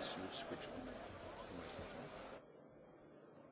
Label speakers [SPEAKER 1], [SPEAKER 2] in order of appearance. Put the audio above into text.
[SPEAKER 1] issues which